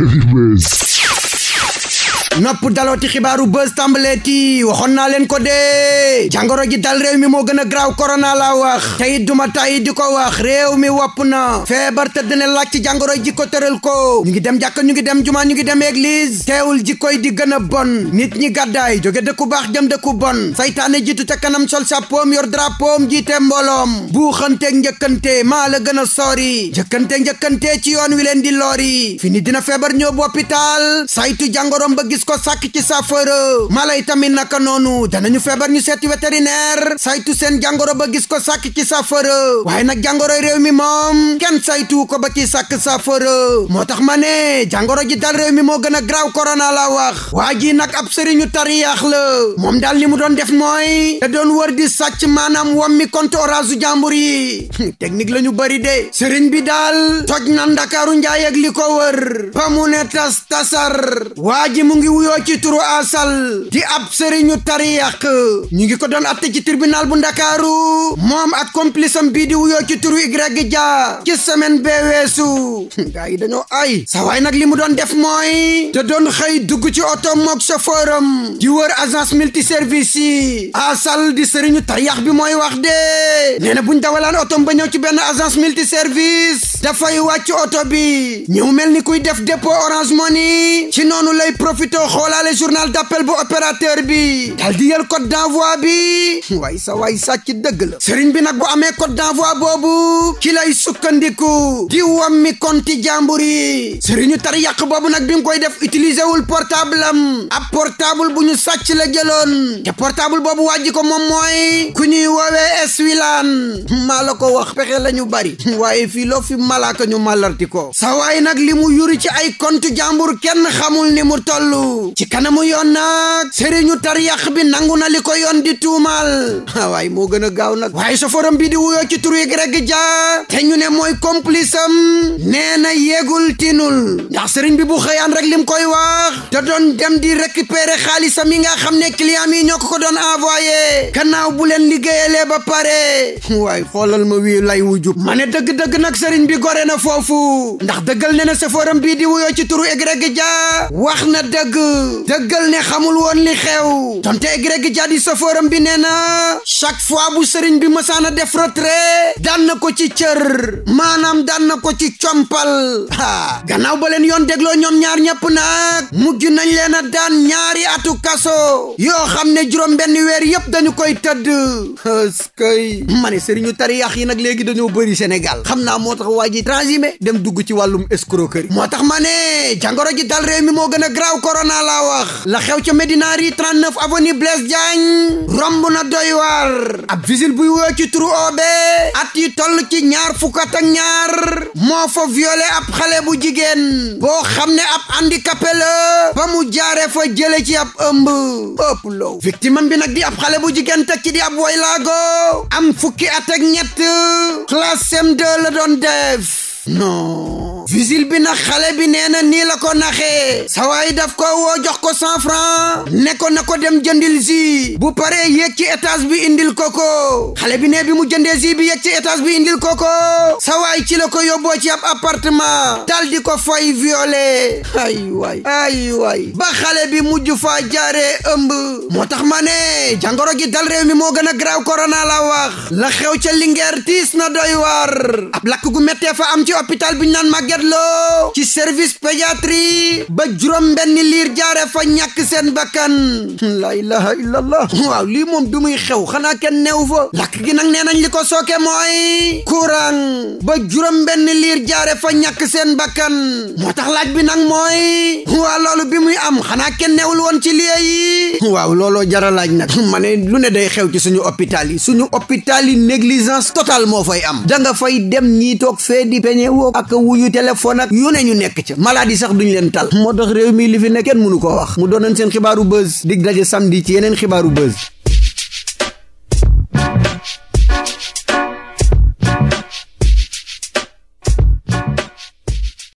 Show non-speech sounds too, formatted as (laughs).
Anyways. nopp dalooti xibaaru buzz tàmbaleeti waxoon naa leen ko dee jàngoro ji dal réew mi moo gën a graaw korona la wax tey duma tàyyi di ko wax réew mi wopp na feebar te dina laaj jàngoro ji ko tëral ko ñu ngi dem jàkk ñu ngi dem jumaa ñu ngi dem église teewul ji koy di gën a bon nit ñi gàddaay jóge dëkku baax jëm dëkku bon saytaane jiitu te kanam sol sapoom yor drapoom jiite mbooloom buuxanteeg njëkkante maa la gën a sori njëkkante njëkkante ci yoon wi leen di lori fini dina feebar ñëw hôpital saytu jàngoroom ba gis gis ko sàkk ci saafara mala tamit naka noonu danañu feebar ñu seeti vétérinaire saytu seen jàngoro ba gis ko sàkk ci saafara waaye nag jàngoro réew mi moom kenn saytu ko ba ci sàkk saafara moo tax ma ne jàngoro ji dal réew mi moo gën a graaw korona la wax waa ji nag ab sëriñu tariyaax la moom daal li mu doon def mooy da doon wër di sàcc maanaam wammi compte orange su jàmbur yi (laughs) technique la ñu bëri de sëriñ bi daal toj na ndakaaru njaay ak li ko wër ba ne tas tasar wuyoo ci turu asal di ab sëriñu tariq ñu ngi ko doon atte ci tribunal bu ndakaaru moom ak complice am bii di wuyoo ci turu Y ja ci semaine be weesu (laughs) gaa yi dañoo ay sa waay nag li mu doon def mooy da doon xëy dugg ci oto mook chauffeur am di wër agence multiservice yi asal di sëriñu tariq bi mooy wax de nee na buñ dawalaan otom ba ñëw ci benn agence multiservice dafay wàcc oto bi ñëw mel ni kuy def dépôt orange money ci noonu lay profito dañoo xoolaale journal d'appel bu opérateur bi dal di yël code d'envoi bi waay sa waay dëgg la sëriñ bi nag bu amee code d'envoi boobu ci lay sukkandiku di wammi konti jàmbur yi sëriñu tar yàq boobu nag bi mu koy def utiliser wul portable am ab portable bu ñu sàcc la jëloon te portable boobu wàjji ko moom mooy ku ñuy woowee eswilaan maa la ko wax pexe la ñu bari waaye fii loo fi malaaka ñu malarti ko sa nag li mu yuri ci ay konti jàmbur kenn xamul ni ci kanamu yoon nag sëriñu tariyax bi nangu na li ko yoon di tuumal waaye moo gën a gaaw nag waaye soforam bi di wuyoo ci turu Greg Dia te ñu ne mooy complice am nee na yeegul tinul ndax sëriñ bi bu xëyaan rek lim koy wax da doon dem di récupérer xaalisam yi nga xam ne client yi ñoo ko doon envoyé gannaaw bu leen liggéeyalee ba pare waaye xoolal ma wii lay wujub ma ne dëgg-dëgg nag sëriñ bi gore na foofu ndax dëggal ne na soforam wuyoo ci turu dëgg dëggal ne xamul woon li xew tonte greg jadi sofooram bi nee na chaque fois bu sëriñ bi mësaana def retrait daan na ko ci cër maanaam daan na ko ci compal gannaaw ba leen yoon dégloo ñoom ñaar ñëpp nag mujj nañ leen a daan ñaari atu kaso yoo xam ne juróom benn weer yëpp dañu koy tëdd askay ma ne sëriñu tariyax yi nag léegi dañoo bëri Sénégal xam naa moo tax waa ji dem dugg ci wàllum escroquerie moo tax ma ne jàngoro ji dal réew mi moo gën a graaw naa laa wax la xew ca Médina Rue 39 avenue Blaise Diagne romb na doy waar ab visil buy woo ci turu oobe at yi toll ci ñaar fukkat ak ñaar moo fa violé ab xale bu jigéen boo xam ne ab handicapé la ba mu jaaree fa jële ci ab ëmb ëpp low victime bi nag di ab xale bu jigéen teg ci di ab woylaago am fukki at ak ñett classe cm la doon def vigile bi na xale bi nee na nii la ko naxee sawaay daf ko woo jox ko cent franc ne ko na ko dem jëndil si bu paree yéeg ci étage bi indil koko xale bi ne bi mu jëndee ji bi yéeg ci étage bi indil koko sawaay ci la ko yóbboo ci ab appartement dal di ko fay violé ay waay ba xale bi mujj faa jaaree ëmb moo tax ma ne jàngoro gi dal réew mi moo gën a graaw korona la wax la xew ca Linguère tiis na doy war ab lakk gu méttee fa am ci hôpital bi ñu naan Maguette Lo ci service pédiatrie ba juróom benn liir jaare fa ñàkk seen bakkan la ilaha illallah waaw lii moom du muy xew xanaa kenn newu fa lakk gi nag nee nañ li ko sooke mooy courant ba juróom benn liir jaare fa ñàkk seen bakkan moo tax laaj bi nag mooy waaw loolu bi muy am xanaa kenn neewul woon ci lieu yi waaw looloo jaralaaj nag ma ne lu ne day xew ci suñu hôpital yi suñu hôpital yi négligence totale fay am da fay dem ñii toog fee di peñe téléphone ak yu ne ñu nekk ca malade yi sax duñu leen tal moo tax réew mi li fi nekk kenn mënu ko wax mu doonoon seen xibaaru buzz dig daje samedi ci yeneen xibaaru buzz